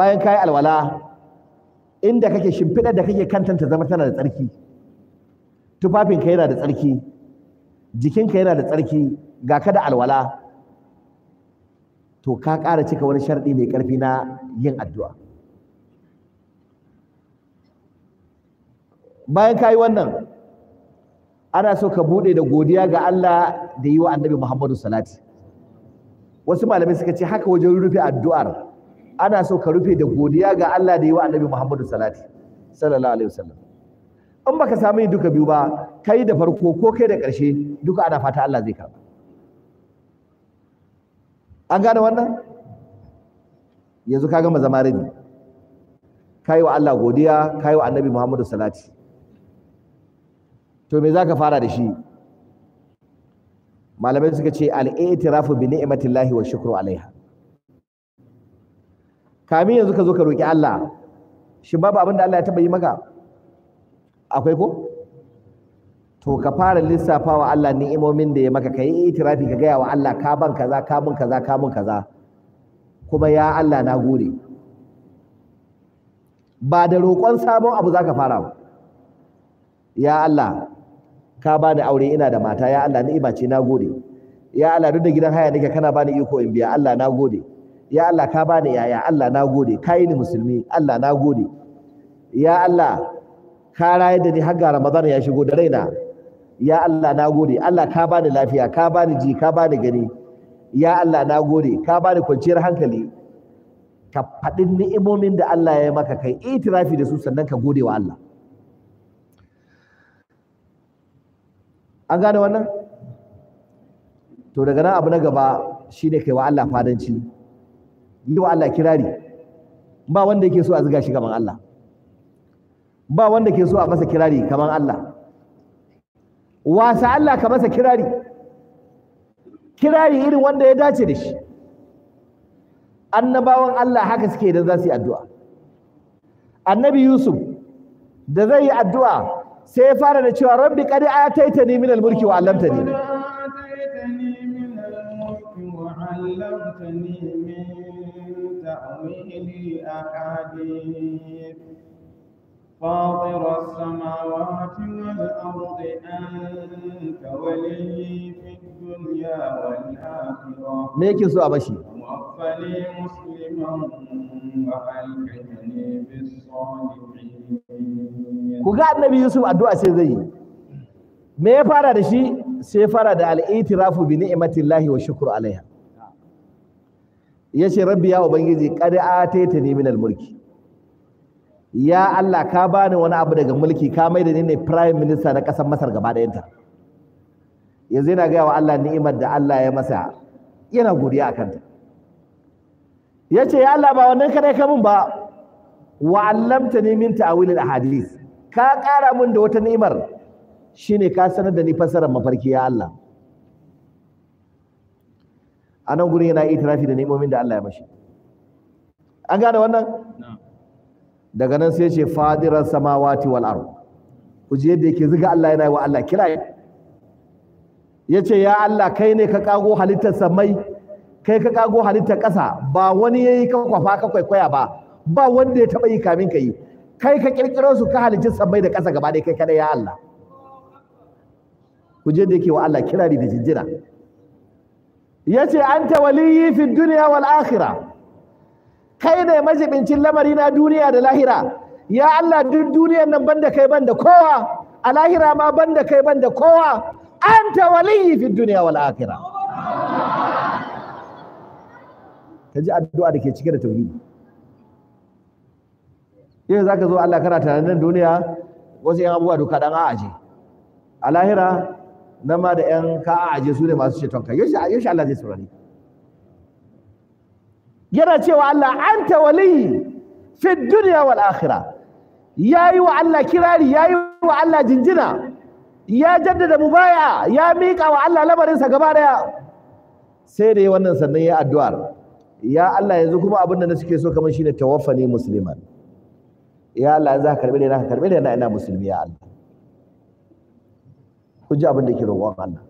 bayan kai alwala inda kake shimfiɗar da kake kantanta zama tana da tsarki Tufafin kai yana da tsarki jikinka yana da tsarki ga ka da alwala to ka ƙara cika wani sharɗi mai ƙarfi na yin addu'a bayan ka yi wannan ana so ka buɗe da godiya ga Allah da yi wa annabi Muhammadu salati wasu malamai suka ce haka wajen rufe addu'ar ana so ka rufe da godiya ga Allah da yi wa annabi Muhammadu salati sallallahu alaihi wasallam in baka sami duka biyu ba kai da farko ko kai da ƙarshe duka ana fata Allah zai karɓa an gane wannan yanzu ka gama zama rini kai wa Allah godiya kai wa annabi Muhammadu salati to me zaka fara da shi malamai suka ce al-i'tirafu bi ni'matillahi wa shukru alaiha kamin yanzu ka zo ka roki Allah shi babu abin Allah ya taba yi maka akwai ko to ka fara lissafa wa Allah ni'imomin da ya maka kai itirafi ka gaya wa Allah ka ban kaza ka mun kaza ka mun kaza kuma ya Allah na gode ba da roƙon sabon abu zaka fara ba ya Allah ka bani aure ina da mata ya Allah ni'ima ce na gode ya Allah duk da gidan haya nake kana bani iko in biya Allah na gode ya Allah ka bani yaya Allah na gode kai ni musulmi Allah na gode ya Allah ka rayar da ni har ga Ramadan ya shigo da raina ya Allah na gode Allah ka bani lafiya ka bani ji ka bani gani ya Allah na gode ka bani kwanciyar hankali ka faɗi ni'imomin da Allah ya yi maka kai itirafi da su sannan ka gode wa Allah an gane wannan to daga nan abu na gaba shine kai wa Allah fadanci yi wa Allah kirari ba wanda yake so a ziga shi gaban Allah ba wanda ke so a masa kirari kamar Allah wasa Allah ka masa kirari kirari irin wanda ya dace da shi annabawan Allah haka suke idan za su yi addu'a annabi Yusuf da zai yi addu'a sai ya fara da cewa rabbi qad ataitani min al-mulki wa 'allamtani وعلمتني من تأويل الأحاديث فاطر السماوات والأرض أنت ولي في الدنيا والآخرة ميكي سوى بشي ووفني مسلما وألحقني بالصالحين ku ga annabi Yusuf addu'a sai zai yi me ya fara da shi sai fara da al'itirafu bi ni'matillahi wa shukru alaiha yace rabbi ya ubangiji qad ataita ni minal mulki ya Allah ka bani wani abu daga mulki ka mai da ni ne prime minister na ƙasar Masar gaba ɗayanta yanzu yana gaya wa Allah ni'imar da Allah ya masa yana godiya a kanta ya ce ya Allah ba wannan kadai ka mun ba wa allamta ni min ta'awilil ahadith ka ƙara mun da wata ni'imar shine ka sanar da ni fassarar mafarki ya Allah a nan gurin yana itirafi da ni'imomin da Allah ya mashi an gane wannan daga nan sai ce fadiran samawati wal ard ku je yadda yake ziga Allah yana yi wa Allah kira ya ce ya Allah kai ne ka kago halittar samai kai ka kago halittar ƙasa ba wani yayi ka kwafa ka kwaikwaya ba ba wanda ya taba yi kamin ka yi kai ka kirkiro su ka halitta samai da ƙasa gaba ɗaya kai kada ya Allah ku je da yake wa Allah kira da jinjina ya ce anta waliyyi fi dunya wal akhirah kai ne mazibincin lamari na duniya da lahira ya Allah duk duniyar nan banda kai banda kowa a lahira ma banda kai banda kowa anta waliyyi fi duniya wal akhirah kaji addu'a da ke cike da tauhidi yau zaka zo Allah kana tunanin duniya wasu yan abubuwa duka dan a'aje a lahira nan ma da yan ka a'aje su ne masu ceton ka yaushe Allah zai saurare ka yana cewa Allah anta waliyi fi dunya wal Ya yayi wa Allah kirari yayi wa Allah jinjina ya jaddada mubaya ya miƙa wa Allah labarinsa gaba daya sai da wannan sannan ya addu'ar ya Allah yanzu kuma abin da na suke so kamar shine tawaffani musliman ya Allah za ka karbi ne na ka karbi ne na ina musulmi ya Allah ku abin da ke roƙon Allah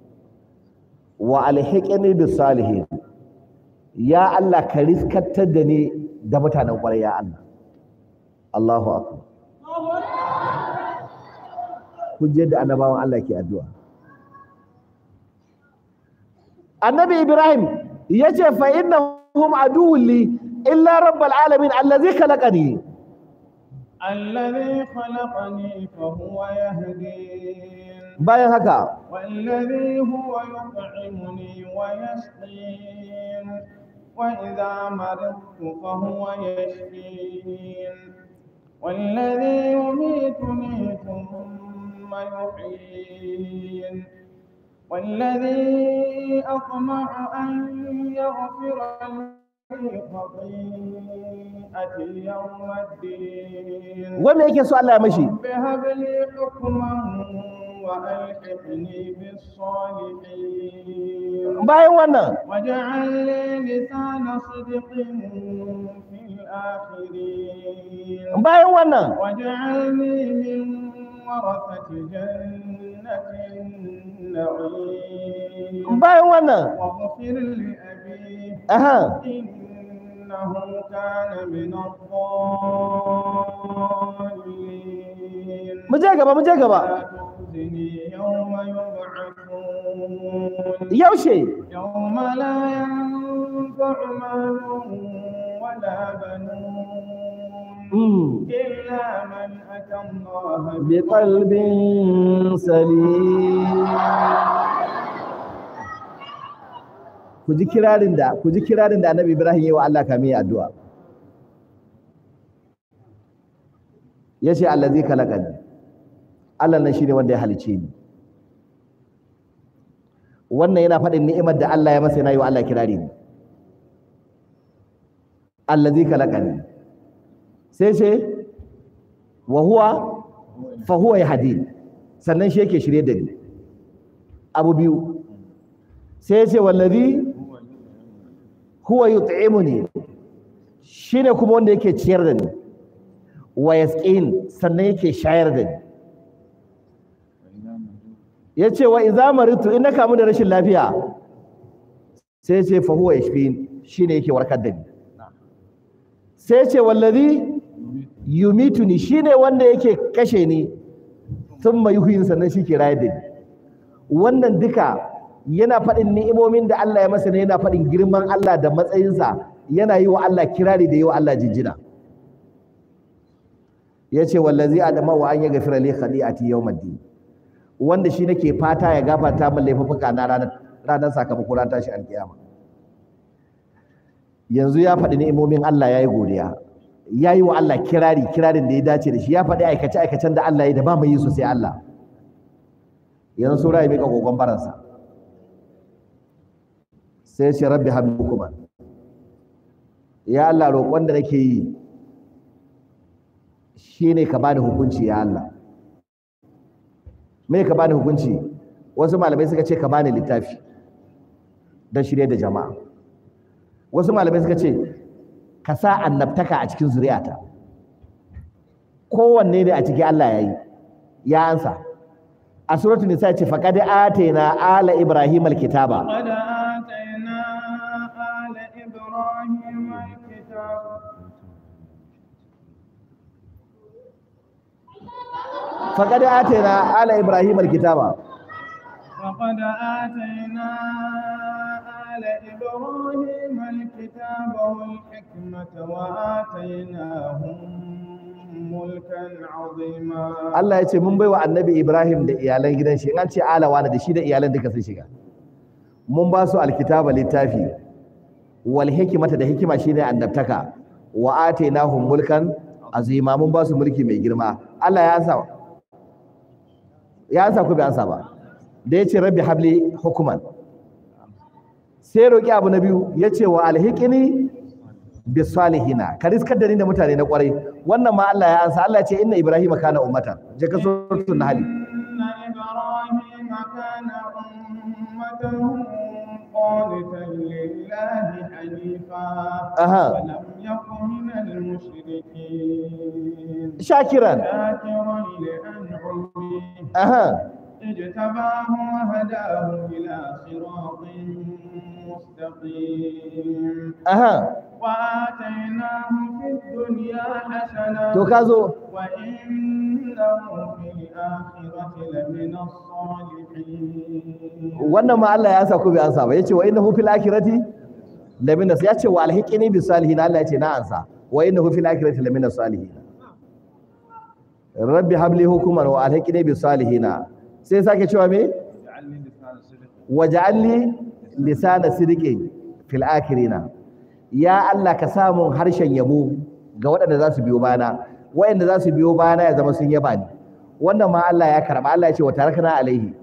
wa alhiqni bis salihin ya Allah ka riskantar da ni da mutanen ƙwarai ya Allah Allahu akbar kun je da annabawan Allah ke addu'a annabi Ibrahim ya ce fa innahum aduwwun li illa rabbal alamin allazi khalaqani الذي خلقني فهو يهدين bayan haka والذي هو يطعمني ويسقين وإذا مرضت فهو يشفين والذي يميتني ثم يحيين والذي أطمع أن يغفر لي خطيئتي يوم الدين وما يكسو الله مشي رب هب لي حكما وألحقني بالصالحين باين وانا واجعل لي لسان صدق في الآخرين باين وانا واجعلني من ورثة جنة النعيم باين وانا واغفر لأبي أها إنه كان من الضالين مجاقبة مجاقبة يوم يبعثون يوشي يوم لا ينفع مال ولا بنون إلا من أتى الله بقلب سليم ku ji kirarin da ku ji kirarin da annabi ibrahim yayi wa Allah kamin ya addu'a yace allazi khalaqani Allah nan shine wanda ya halice ni wannan yana faɗin ni'imar da Allah ya masa yana yi wa Allah kirari ne allazi khalaqani sai sai wa huwa fa huwa yahdini sannan shi yake shirye da ni abu biyu sai ya ce wallazi huwa yut'imuni shine kuma wanda yake ciyar da ni wa yasqin sannan yake shayar da ni yace wa idza maritu in na kamu da rashin lafiya sai yace fa huwa yashfin shine yake warkar da ni sai yace wallazi yumituni shine wanda yake kashe ni thumma yuhyin sannan shi ke rayar da ni wannan duka yana faɗin ni'imomin da Allah ya masa ne yana faɗin girman Allah da matsayinsa yana yi wa Allah kirari da yi wa Allah jijjina ya ce wallazi adama wa an yi gafira li khadi'ati yawmiddin wanda shi nake fata ya gafarta min laifuka na ranar ranar sakamako ran tashi alkiyama yanzu ya faɗi ni'imomin Allah ya yi godiya ya yi wa Allah kirari kirarin da ya dace da shi ya faɗi aikace aikacen da Allah ya da ba mai yi su sai Allah yanzu sura ya mika gogon baransa sai ya ce rabbi habli hukuma ya Allah roƙon da nake yi shine ka bani hukunci ya Allah me ka bani hukunci wasu malamai suka ce ka bani littafi don shirye da jama'a wasu malamai suka ce ka sa annabtaka a cikin zuriyata kowanne ne a ciki Allah ya yi ya ansa a suratul nisa ce faqad atayna ala ibrahim alkitaba faqad atayna ala ibrahim alkitaba faqad atayna ala ibrahim alkitaba wal hikmata wa atainahum Allah ya ce mun bai wa annabi Ibrahim da iyalan gidan shi an ce ala alawa da shi da iyalan duka sun shiga mun ba su alkitaba littafi wal hikimata da hikima shine annabtaka wa atainahum mulkan azima mun ba su mulki mai girma Allah ya sa ya ansa ko bai ansa ba da ya ce rabbi habli hukuman sai roƙi abu na biyu ya ce wa alhikini bi salihina ka riskar da ni da mutane na kwarai wannan ma Allah ya ansa Allah ya ce inna ibrahima kana ummatan je ka suratul nahl inna قانتا لله حنيفا ولم يكن من المشركين شاكرا شاكرا لأنعمه اجتباه وهداه إلى صراط مستقيم أها وآتيناه في الدنيا حسنة تكازو وإنه في الآخرة لمن الصالحين wannan ma Allah ya sa ku bai ansa ba yace wa innahu fil akhirati lamina ya ce wa alhiqini bis salihin Allah yace na ansa wa innahu fil rabbi habli hukuman wa sai sake cewa me waja'alni lisana sidqin fil akhirina ya Allah ka samun harshen yabo ga waɗanda za su biyo bana waɗanda za su biyo bana ya zama sun yaba ni wannan ma Allah ya karba Allah ya ce wa tarakna alaihi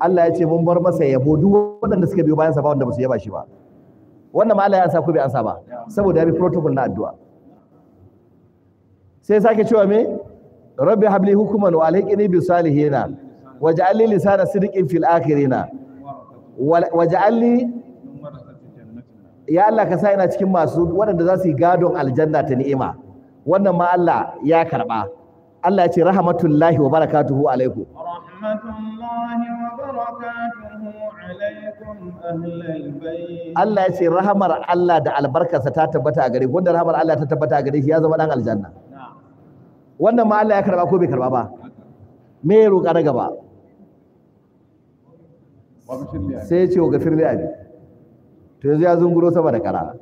Allah ya ce mun bar masa yabo duk waɗanda suka biyo bayan sa ba wanda ba su yaba shi ba wannan ma Allah ya sa ku bi an sa ba saboda ya bi protocol na addu'a sai sake cewa me rabbi habli hukuman wa alhiqni bi salihina waj'al li lisana sidqin fil akhirina waj'al li ya Allah ka sa ina cikin masu waɗanda za su yi gadon aljanna ta ni'ima wannan ma Allah ya karba Allah ya ce rahmatullahi wa barakatuhu alaikum rahmatullahi wa barakatuhu alaikum ahlal bayt Allah ya ce rahmar Allah da albarkarsa ta tabbata a gare wanda rahmar Allah ta tabbata a gare shi ya zama dan aljanna wannan ma Allah ya karba ko bai karba ba me ya roƙa na gaba sai ya ce wa gafir abi to yanzu ya zunguro sama da kara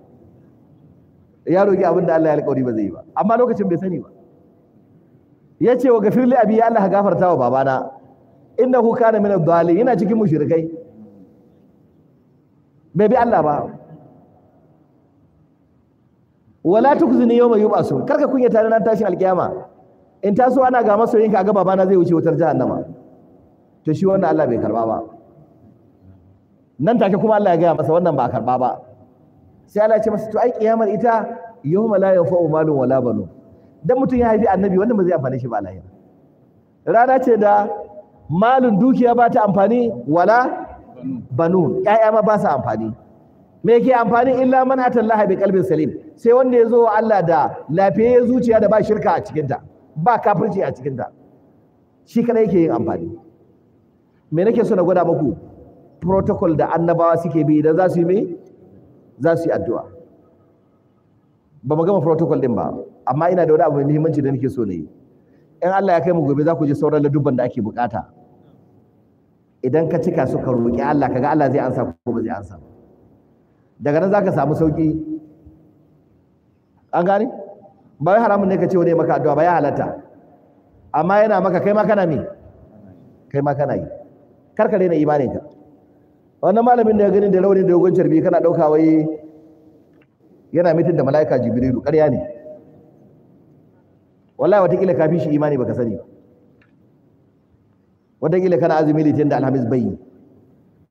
ya roƙi abin da Allah ya alƙawari ba zai yi ba amma lokacin bai sani ba ya ce wa gafir abi ya Allah ka gafarta wa babana innahu kana min ad-dhalin yana cikin mushrikai bai bi Allah ba wala tukzini yawma yub'asun karka kunya tare nan tashin alƙiyama. in taso ana ga masoyin ka ga babana zai wuce wutar jahannama to shi wannan Allah bai karba ba nan take kuma Allah ya gaya masa wannan ba a karba ba sai Allah ya ce masa to ai kiyamar ita yawma la yanfa'u malu wala banu dan mutum ya haifi annabi wannan ba zai amfane shi ba lahira rana ce da malun dukiya ba ta amfani wala banu ƴaƴa ma ba sa amfani me yake amfani illa man atallaha bi qalbin salim sai wanda ya zo wa Allah da lafiyayyen zuciya da ba shirka a cikinta ta ba kafirci a cikinta shi kana yake yin amfani me nake so na gwada muku protocol da annabawa suke bi idan za su yi me za su yi addu'a ba mu gama protocol din ba amma ina da wani abu mai muhimmanci da nake so ne yi in Allah ya kai mu gobe za ku ji sauran ladubban da ake bukata idan ka cika su ka roƙi Allah kaga Allah zai ansa ko ba zai ansa daga nan za ka samu sauƙi an gane ba wai haramun ne ka ce wani ya maka addu'a ba ya halatta amma yana maka kai ma kana me kai ma kana yi kar ka daina imaninka wannan malamin da ya gani da rauni da dogon carbi kana ɗauka wai yana mitin da mala'ika jibrilu ƙarya ne wallahi watakila ka fi shi imani baka sani watakila kana azumi litin da alhamis bai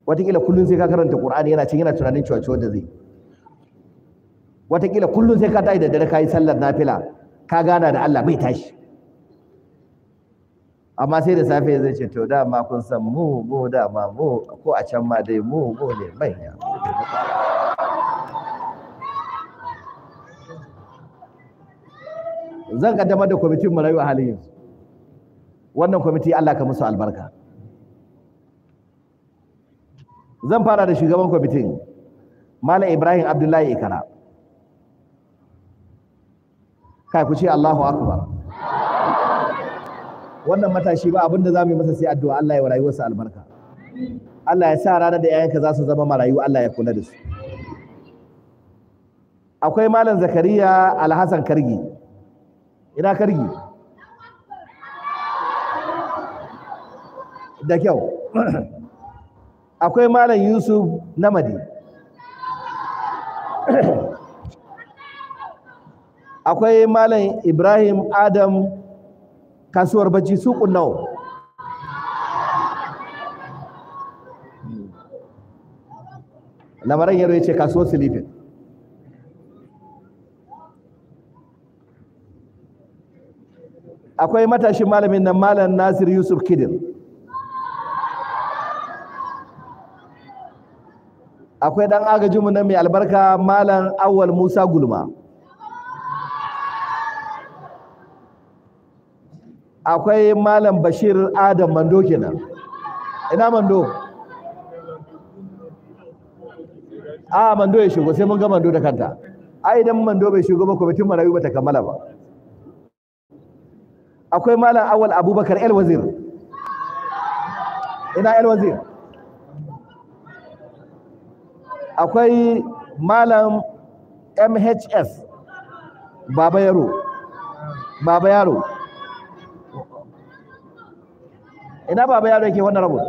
watakila kullum sai ka karanta qur'ani yana cin yana tunanin cewa da zai watakila kullum sai ka tashi da dare ka yi sallar nafila ka gana da Allah bai tashi amma sai da safe zai ce to dama kun san mu mu dama mu ko a can ma dai mu mu ne ya zan kaddamar da kwamitin marayu a halin yanzu wannan kwamiti Allah ka musu albarka zan fara da shugaban kwamitin Malam Ibrahim Abdullahi Ikara kai ku ce Allahu akbar wannan matashi ba abinda za mu yi masa sai addu'a Allah ya wa rayuwarsa albarka Allah ya sa ranar da yayanka za su zama marayu Allah ya kula da su akwai malam zakariya alhassan kargi ina kargi da kyau akwai malam yusuf namadi akwai malam ibrahim adam kasuwar bacci su nawa lamarin yaro ya ce kasuwar silifin akwai matashin malamin nan malam nasir yusuf kidir akwai dan agajinmu nan mai albarka malam awal musa gulma akwai malam bashir adam mando kenan ina mando a mando ya shigo sai mun ga mando da kanta ai idan mando bai shigo ba kwamitin marayu ta kammala ba akwai malam awal abubakar el wazir ina el wazir akwai malam mhs baba yaro baba yaro ina baba yaro yake wannan rabu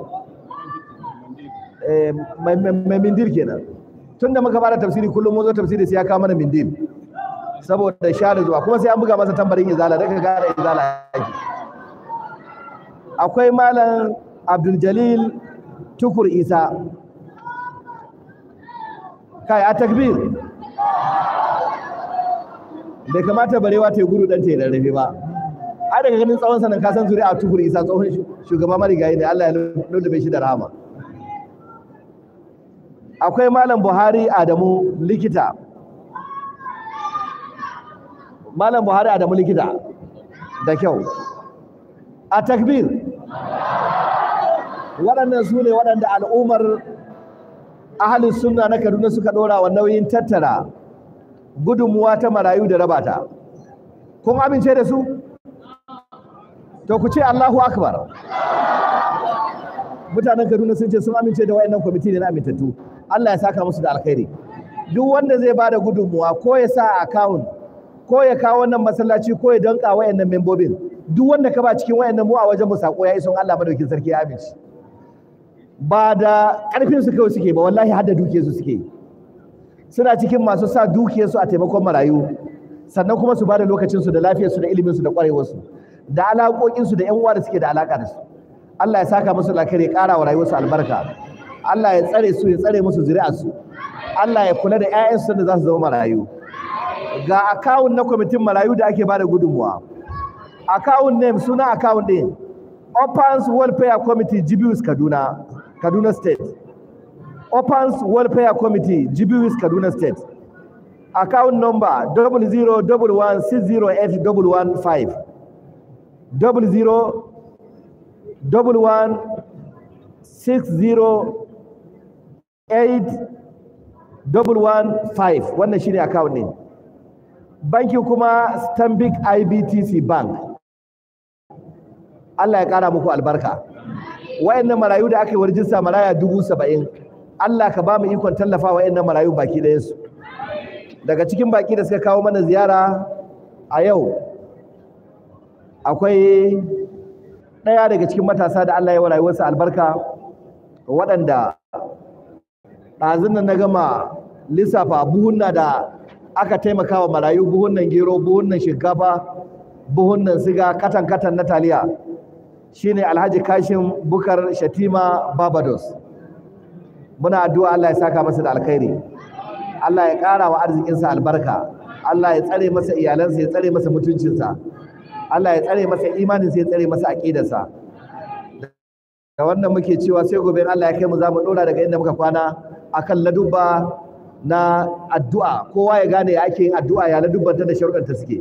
eh, mai mindir kenan tun da muka fara tafsiri kullum mun zo tafsiri sai ya kawo mana mindir saboda sha zuwa kuma sai an buga masa tambarin izala daga gara izala yake akwai malam abdul jalil tukur isa kai a takbir bai kamata barewa ta yi gudu dan ta yi rarrafe ba ai daga ganin tsawon sanin ka san zuri'a tuhur isa tsohon shugaba marigayi ne Allah ya lullube shi da rahama akwai malam Buhari Adamu likita malam Buhari Adamu likita da kyau a takbir waɗannan su ne waɗanda al'ummar ahalin sunna na kaduna suka ɗora wa nauyin tattara gudunmuwa ta marayu da rabata kun amince da su to ku ce Allahu akbar mutanen Kaduna sun ce sun amince da wayannan kwamiti ne na amintattu Allah ya saka musu da alkhairi duk wanda zai bada gudunmuwa ko ya sa a akawun, ko ya kawo wannan masallaci ko ya danka wayannan membobin duk wanda ka ba cikin wayannan mu a wajen mu sako ya son Allah madaukin sarki ya amince ba da karfin su kawai suke ba wallahi har da dukiyarsu suke suna cikin masu sa dukiyarsu a taimakon marayu sannan kuma su ba da lokacinsu da lafiyarsu da iliminsu da ƙwarewarsu da alaƙoƙinsu da 'yan uwa da suke da alaƙa da su Allah ya saka musu lakar ya ƙara wa rayuwarsu albarka Allah ya tsare su ya tsare musu zuri'arsu Allah ya kula da 'ya'yansu da za su zama marayu ga akawun na kwamitin marayu da ake bada gudunmuwa akawun name suna akawun ɗin Opens Welfare Committee Jibius Kaduna Kaduna State Opens Welfare Committee Jibius Kaduna State account number 0016081115 double zero double one six zero eight double one five wannan shine account ne banki kuma stanbic ibtc bank Allah ya kara muku albarka wayannan marayu da aka yi warjinsa maraya dubu saba'in Allah ka ba mu ikon tallafa wayannan marayu baki ɗayansu daga cikin baki da suka kawo mana ziyara a yau akwai ɗaya daga cikin matasa da Allah ya wa rayuwarsa albarka waɗanda ɗazun nan na gama lissafa buhunna da aka taimaka wa marayu buhunnan gero buhunnan shinkafa buhunnan siga katan katan na taliya shine alhaji kashin bukar shatima barbados muna addu'a Allah ya saka masa da alkhairi Allah ya ƙara wa arzikinsa albarka Allah ya tsare masa iyalansa ya tsare masa mutuncinsa Allah ya tsare masa imanin sai ya tsare masa aqidarsa da wannan muke cewa sai gobe Allah ya kai mu za mu dora daga inda muka kwana akan ladubba na addu'a kowa ya gane ya ake yin addu'a ya ladubbanta da sharuɗanta suke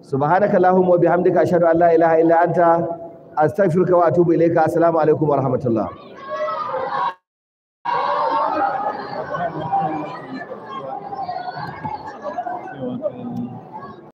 subhanaka allahumma wa bihamdika ashhadu an la ilaha illa anta astaghfiruka wa atubu ilayka assalamu alaikum wa rahmatullah